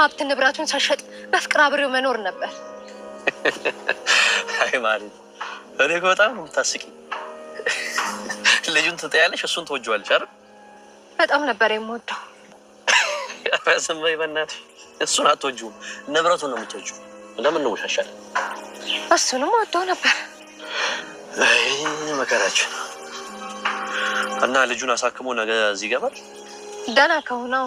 ሀብት ንብረቱን ሳሸጥ በፍቅር አብሬው መኖር ነበር። አይ እኔ በጣም ነው የምታስቂኝ። ልጁን ትጠያለሽ፣ እሱን ትወጂዋለሽ አይደል? በጣም ነበር የምወደው። ስማይ በእናትሽ እሱን አትወጂውም፣ ንብረቱን ነው የምትወጂው። ለምን እንወሻሻለን? እሱንም ወደው ነበር። መከራችን እና ልጁን አሳክሞ ነገ እዚህ ይገባል። ደህና ከሆነው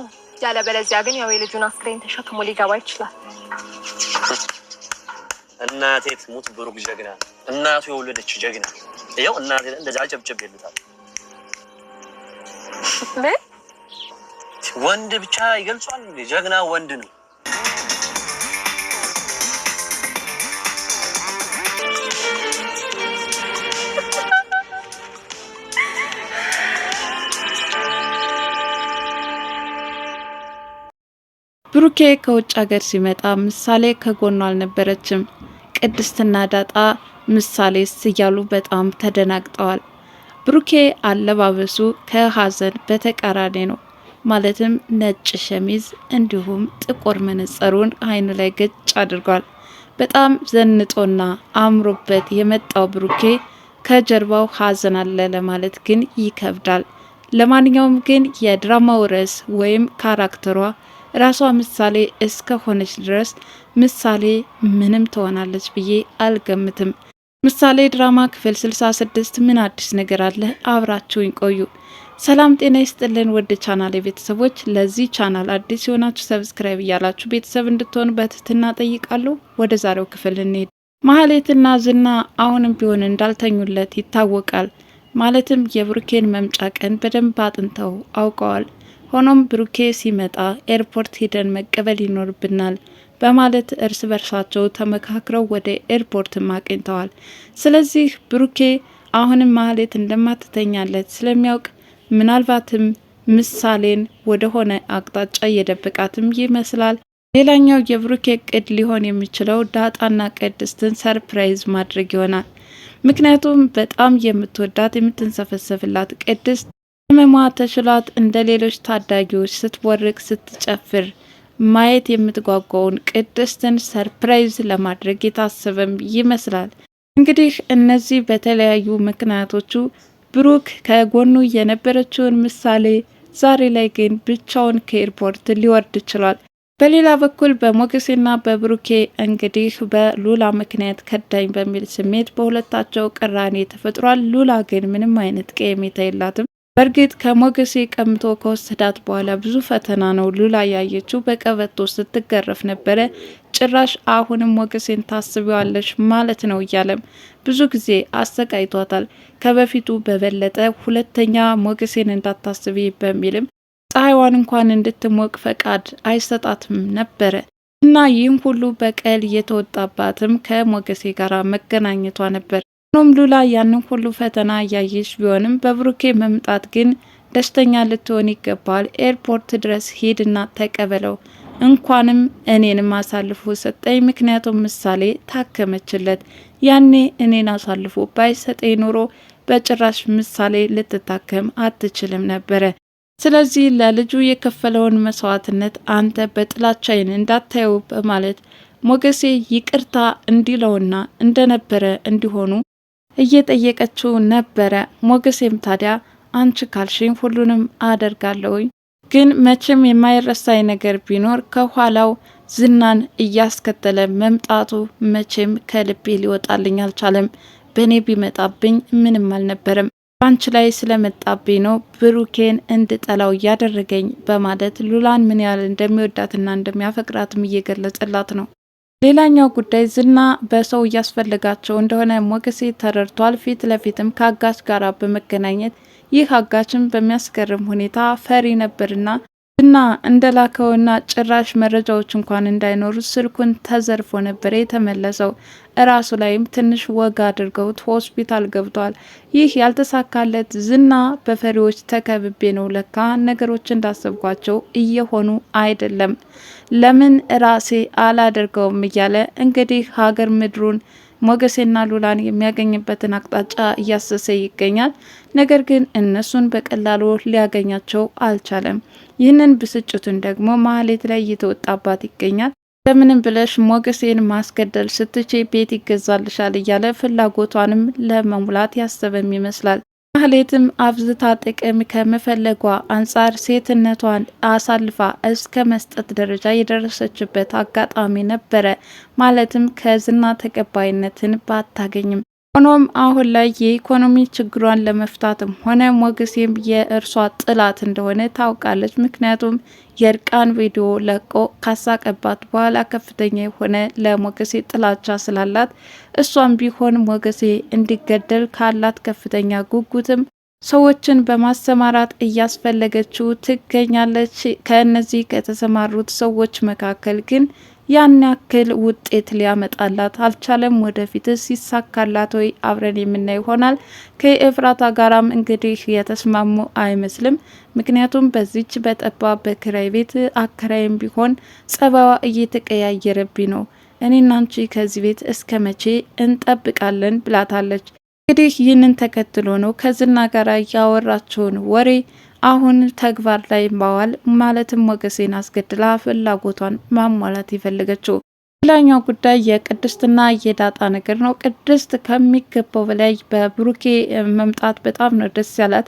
ያለበለዚያ ግን ያው የልጁን አስክሬን ተሸክሞ ሊገባ ይችላል። እናቴ ትሙት ብሩክ ጀግና፣ እናቱ የወለደች ጀግና። ይኸው እናቴ እንደዛ አጨብጨብ ይሉታል። ወንድ ብቻ ይገልጿል። ጀግና ወንድ ነው። ብሩኬ ከውጭ ሀገር ሲመጣ ምሳሌ ከጎኗ አልነበረችም። ቅድስትና ዳጣ ምሳሌስ እያሉ በጣም ተደናግጠዋል። ብሩኬ አለባበሱ ከሀዘን በተቃራኒ ነው። ማለትም ነጭ ሸሚዝ እንዲሁም ጥቁር መነጸሩን አይኑ ላይ ገጭ አድርጓል። በጣም ዘንጦና አምሮበት የመጣው ብሩኬ ከጀርባው ሀዘን አለ ለማለት ግን ይከብዳል። ለማንኛውም ግን የድራማው ርዕስ ወይም ካራክተሯ ራሷ ምሳሌ እስከሆነች ድረስ ምሳሌ ምንም ትሆናለች ብዬ አልገምትም። ምሳሌ ድራማ ክፍል 66 ምን አዲስ ነገር አለ? አብራችሁኝ ቆዩ። ሰላም ጤና ይስጥልን ወደ ቻናል የቤተሰቦች፣ ለዚህ ቻናል አዲስ የሆናችሁ ሰብስክራይብ እያላችሁ ቤተሰብ እንድትሆኑ በትህትና ጠይቃሉ። ወደ ዛሬው ክፍል እንሄድ። ማህሌትና ዝና አሁንም ቢሆን እንዳልተኙለት ይታወቃል። ማለትም የብሩኬን መምጫ ቀን በደንብ አጥንተው አውቀዋል። ሆኖም ብሩኬ ሲመጣ ኤርፖርት ሄደን መቀበል ይኖርብናል በማለት እርስ በርሳቸው ተመካክረው ወደ ኤርፖርትም አቅኝተዋል። ስለዚህ ብሩኬ አሁንም ማህሌት እንደማትተኛለት ስለሚያውቅ ምናልባትም ምሳሌን ወደሆነ አቅጣጫ እየደበቃትም ይመስላል። ሌላኛው የብሩኬ ቅድ ሊሆን የሚችለው ዳጣና ቅድስትን ሰርፕራይዝ ማድረግ ይሆናል። ምክንያቱም በጣም የምትወዳት የምትንሰፈሰፍላት ቅድስት ህመሟ ተሽሏት እንደ ሌሎች ታዳጊዎች ስትቦርቅ ስትጨፍር ማየት የምትጓጓውን ቅድስትን ሰርፕራይዝ ለማድረግ የታሰበም ይመስላል። እንግዲህ እነዚህ በተለያዩ ምክንያቶቹ ብሩክ ከጎኑ የነበረችውን ምሳሌ ዛሬ ላይ ግን ብቻውን ከኤርፖርት ሊወርድ ችሏል። በሌላ በኩል በሞገሴና በብሩኬ እንግዲህ በሉላ ምክንያት ከዳኝ በሚል ስሜት በሁለታቸው ቅራኔ ተፈጥሯል። ሉላ ግን ምንም አይነት ቀየሜታ የላትም። በእርግጥ ከሞገሴ ቀምቶ ከወሰዳት በኋላ ብዙ ፈተና ነው ሉላ ያየችው። በቀበቶ ስትገረፍ ነበረ። ጭራሽ አሁንም ሞገሴን ታስቢዋለሽ ማለት ነው እያለም ብዙ ጊዜ አሰቃይቷታል። ከበፊቱ በበለጠ ሁለተኛ ሞገሴን እንዳታስቢ በሚልም ፀሐይዋን እንኳን እንድትሞቅ ፈቃድ አይሰጣትም ነበረ እና ይህም ሁሉ በቀል የተወጣባትም ከሞገሴ ጋር መገናኘቷ ነበር። ሆኖም ሉላ ያንን ሁሉ ፈተና እያየች ቢሆንም በብሩኬ መምጣት ግን ደስተኛ ልትሆን ይገባል። ኤርፖርት ድረስ ሂድና ተቀበለው። እንኳንም እኔንም አሳልፎ ሰጠኝ፣ ምክንያቱም ምሳሌ ታከመችለት። ያኔ እኔን አሳልፎ ባይሰጠኝ ኑሮ በጭራሽ ምሳሌ ልትታከም አትችልም ነበረ። ስለዚህ ለልጁ የከፈለውን መስዋዕትነት አንተ በጥላቻይን እንዳታየው በማለት ሞገሴ ይቅርታ እንዲለውና እንደነበረ እንዲሆኑ እየጠየቀችው ነበረ። ሞገሴም ታዲያ አንቺ ካልሽኝ ሁሉንም አደርጋለሁኝ ግን መቼም የማይረሳኝ ነገር ቢኖር ከኋላው ዝናን እያስከተለ መምጣቱ መቼም ከልቤ ሊወጣልኝ አልቻለም። በእኔ ቢመጣብኝ ምንም አልነበረም፣ በአንቺ ላይ ስለመጣብኝ ነው ብሩኬን እንድጠላው እያደረገኝ በማለት ሉላን ምን ያህል እንደሚወዳትና እንደሚያፈቅራትም እየገለጸላት ነው። ሌላኛው ጉዳይ ዝና በሰው እያስፈልጋቸው እንደሆነ ሞገሴ ተረድቷል። ፊት ለፊትም ከአጋች ጋር በመገናኘት ይህ አጋችን በሚያስገርም ሁኔታ ፈሪ ነበርና ዝና እንደላከውና ጭራሽ መረጃዎች እንኳን እንዳይኖሩ ስልኩን ተዘርፎ ነበር የተመለሰው። እራሱ ላይም ትንሽ ወጋ አድርገውት ሆስፒታል ገብቷል። ይህ ያልተሳካለት ዝና በፈሪዎች ተከብቤ ነው ለካ ነገሮች እንዳሰብኳቸው እየሆኑ አይደለም፣ ለምን እራሴ አላደርገውም እያለ እንግዲህ ሀገር ምድሩን ሞገሴና ሉላን የሚያገኝበትን አቅጣጫ እያሰሰ ይገኛል። ነገር ግን እነሱን በቀላሉ ሊያገኛቸው አልቻለም። ይህንን ብስጭቱን ደግሞ ማህሌት ላይ እየተወጣባት ይገኛል። ለምንም ብለሽ ሞገሴን ማስገደል ስትቼ ቤት ይገዛልሻል እያለ ፍላጎቷንም ለመሙላት ያሰበም ይመስላል። ማህሌትም አብዝታ ጥቅም ከመፈለጓ አንጻር ሴትነቷን አሳልፋ እስከ መስጠት ደረጃ የደረሰችበት አጋጣሚ ነበረ። ማለትም ከዝና ተቀባይነትን ባታገኝም ሆኖም አሁን ላይ የኢኮኖሚ ችግሯን ለመፍታትም ሆነ ሞገሴም የእርሷ ጥላት እንደሆነ ታውቃለች። ምክንያቱም የእርቃን ቪዲዮ ለቆ ካሳቀባት በኋላ ከፍተኛ የሆነ ለሞገሴ ጥላቻ ስላላት እሷም ቢሆን ሞገሴ እንዲገደል ካላት ከፍተኛ ጉጉትም ሰዎችን በማሰማራት እያስፈለገችው ትገኛለች። ከእነዚህ ከተሰማሩት ሰዎች መካከል ግን ያን ያክል ውጤት ሊያመጣላት አልቻለም። ወደፊትስ ይሳካላት ወይ? አብረን የምናይ ይሆናል። ከኤፍራታ ጋራም እንግዲህ የተስማሙ አይመስልም። ምክንያቱም በዚች በጠባብ በክራይ ቤት አከራይም ቢሆን ጸባዋ እየተቀያየረብኝ ነው፣ እኔ ከዚህ ቤት እስከ መቼ እንጠብቃለን? ብላታለች። እንግዲህ ይህንን ተከትሎ ነው ከዝና ጋር ያወራቸውን ወሬ አሁን ተግባር ላይ ማዋል ማለትም ሞገሴን አስገድላ ፍላጎቷን ማሟላት የፈለገችው። ሌላኛው ጉዳይ የቅድስትና የዳጣ ነገር ነው። ቅድስት ከሚገባው በላይ በብሩኬ መምጣት በጣም ነው ደስ ያላት።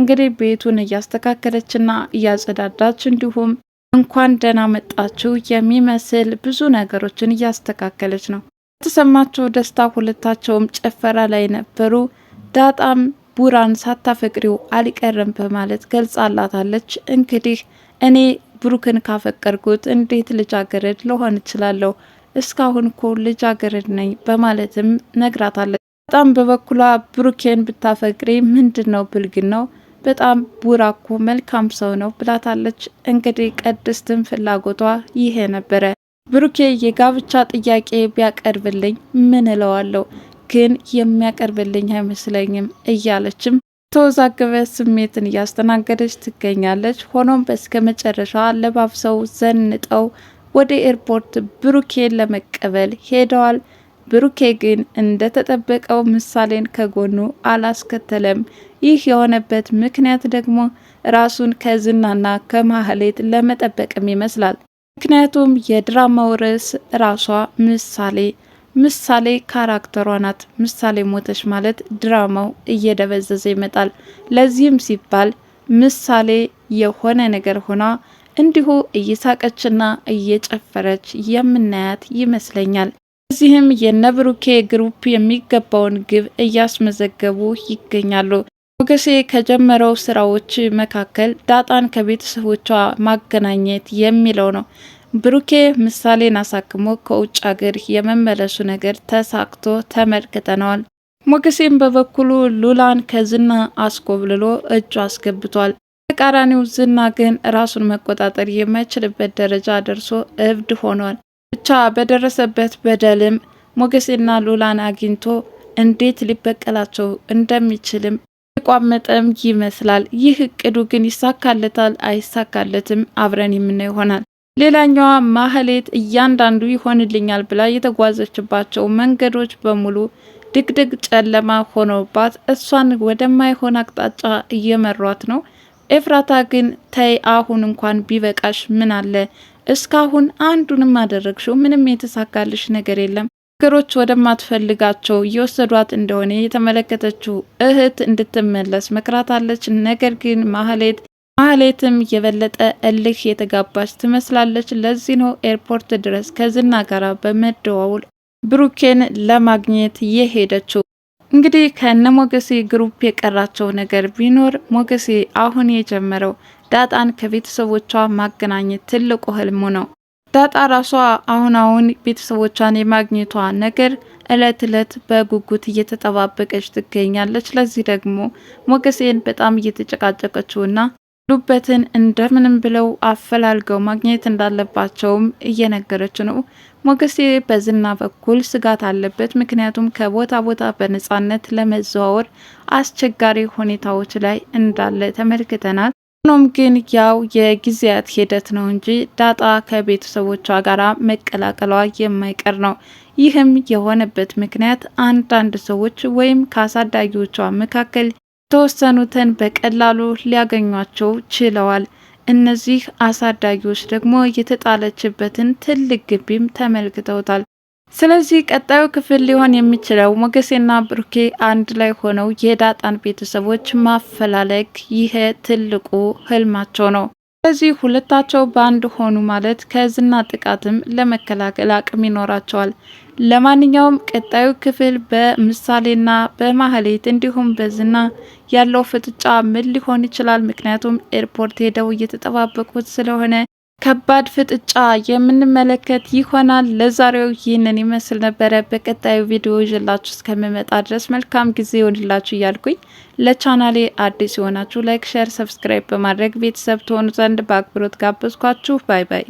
እንግዲህ ቤቱን እያስተካከለችና እያጸዳዳች እንዲሁም እንኳን ደህና መጣችው የሚመስል ብዙ ነገሮችን እያስተካከለች ነው። የተሰማቸው ደስታ ሁለታቸውም ጭፈራ ላይ ነበሩ። ዳጣም ቡራን ሳታፈቅሪው አልቀረም በማለት ገልጻላታለች። እንግዲህ እኔ ብሩክን ካፈቀርኩት እንዴት ልጃገረድ ልሆን እችላለሁ? እስካሁን እኮ ልጃገረድ ነኝ በማለትም ነግራታለች። በጣም በበኩሏ ብሩኬን ብታፈቅሪ ምንድን ነው ብልግን ነው? በጣም ቡራ እኮ መልካም ሰው ነው ብላታለች። እንግዲህ ቅድስትን ፍላጎቷ ይሄ ነበረ። ብሩኬ የጋብቻ ጥያቄ ቢያቀርብልኝ ምን እለዋለሁ? ግን የሚያቀርብልኝ አይመስለኝም እያለችም ተወዛገበ ስሜትን እያስተናገደች ትገኛለች። ሆኖም በስከ መጨረሻ ለባብሰው ዘንጠው ወደ ኤርፖርት ብሩኬን ለመቀበል ሄደዋል። ብሩኬ ግን እንደተጠበቀው ምሳሌን ከጎኑ አላስከተለም። ይህ የሆነበት ምክንያት ደግሞ ራሱን ከዝናና ከማህሌት ለመጠበቅም ይመስላል። ምክንያቱም የድራማው ርዕስ ራሷ ምሳሌ ምሳሌ ካራክተሯ ናት። ምሳሌ ሞተች ማለት ድራማው እየደበዘዘ ይመጣል። ለዚህም ሲባል ምሳሌ የሆነ ነገር ሆና እንዲሁ እየሳቀችና እየጨፈረች የምናያት ይመስለኛል። እዚህም የነብሩኬ ግሩፕ የሚገባውን ግብ እያስመዘገቡ ይገኛሉ። ሞገሴ ከጀመረው ስራዎች መካከል ዳጣን ከቤተሰቦቿ ማገናኘት የሚለው ነው። ብሩኬ ምሳሌን አሳክሞ ከውጭ ሀገር የመመለሱ ነገር ተሳክቶ ተመልክተነዋል። ሞገሴም በበኩሉ ሉላን ከዝና አስኮብልሎ እጁ አስገብቷል። ተቃራኒው ዝና ግን ራሱን መቆጣጠር የማይችልበት ደረጃ ደርሶ እብድ ሆኗል። ብቻ በደረሰበት በደልም ሞገሴና ሉላን አግኝቶ እንዴት ሊበቀላቸው እንደሚችልም የቋመጠም ይመስላል። ይህ እቅዱ ግን ይሳካለታል አይሳካለትም አብረን የምናየው ይሆናል። ሌላኛዋ ማህሌት እያንዳንዱ ይሆንልኛል ብላ የተጓዘችባቸው መንገዶች በሙሉ ድቅድቅ ጨለማ ሆኖባት እሷን ወደማይሆን አቅጣጫ እየመሯት ነው። ኤፍራታ ግን ተይ አሁን እንኳን ቢበቃሽ ምን አለ እስካሁን አንዱንም አደረግሽው፣ ምንም የተሳካልሽ ነገር የለም። ነገሮች ወደማትፈልጋቸው እየወሰዷት እንደሆነ የተመለከተችው እህት እንድትመለስ መክራታለች። ነገር ግን ማህሌት ማህሌትም የበለጠ እልህ የተጋባች ትመስላለች። ለዚህ ነው ኤርፖርት ድረስ ከዝና ጋር በመደዋወል ብሩኬን ለማግኘት የሄደችው። እንግዲህ ከነ ሞገሴ ግሩፕ የቀራቸው ነገር ቢኖር ሞገሴ አሁን የጀመረው ዳጣን ከቤተሰቦቿ ማገናኘት ትልቁ ህልሙ ነው። ዳጣ ራሷ አሁን አሁን ቤተሰቦቿን የማግኘቷ ነገር እለት እለት በጉጉት እየተጠባበቀች ትገኛለች። ለዚህ ደግሞ ሞገሴን በጣም እየተጨቃጨቀችውና ሉበትን እንደምንም ብለው አፈላልገው ማግኘት እንዳለባቸውም እየነገረች ነው። ሞገሴ በዝና በኩል ስጋት አለበት። ምክንያቱም ከቦታ ቦታ በነፃነት ለመዘዋወር አስቸጋሪ ሁኔታዎች ላይ እንዳለ ተመልክተናል። ሆኖም ግን ያው የጊዜያት ሂደት ነው እንጂ ዳጣ ከቤተሰቦቿ ጋር መቀላቀሏ የማይቀር ነው። ይህም የሆነበት ምክንያት አንዳንድ ሰዎች ወይም ከአሳዳጊዎቿ መካከል የተወሰኑትን በቀላሉ ሊያገኟቸው ችለዋል። እነዚህ አሳዳጊዎች ደግሞ የተጣለችበትን ትልቅ ግቢም ተመልክተውታል። ስለዚህ ቀጣዩ ክፍል ሊሆን የሚችለው ሞገሴና ብሩኬ አንድ ላይ ሆነው የዳጣን ቤተሰቦች ማፈላለግ፣ ይሄ ትልቁ ህልማቸው ነው። በዚህ ሁለታቸው በአንድ ሆኑ ማለት ከዝና ጥቃትም ለመከላከል አቅም ይኖራቸዋል። ለማንኛውም ቀጣዩ ክፍል በምሳሌና በማህሌት እንዲሁም በዝና ያለው ፍጥጫ ምን ሊሆን ይችላል? ምክንያቱም ኤርፖርት ሄደው እየተጠባበቁት ስለሆነ ከባድ ፍጥጫ የምንመለከት ይሆናል። ለዛሬው ይህንን ይመስል ነበረ። በቀጣዩ ቪዲዮ ይዤላችሁ እስከምመጣ ድረስ መልካም ጊዜ ይሆንላችሁ እያልኩኝ ለቻናሌ አዲስ የሆናችሁ ላይክ፣ ሼር፣ ሰብስክራይብ በማድረግ ቤተሰብ ትሆኑ ዘንድ በአክብሮት ጋበዝኳችሁ። ባይ ባይ።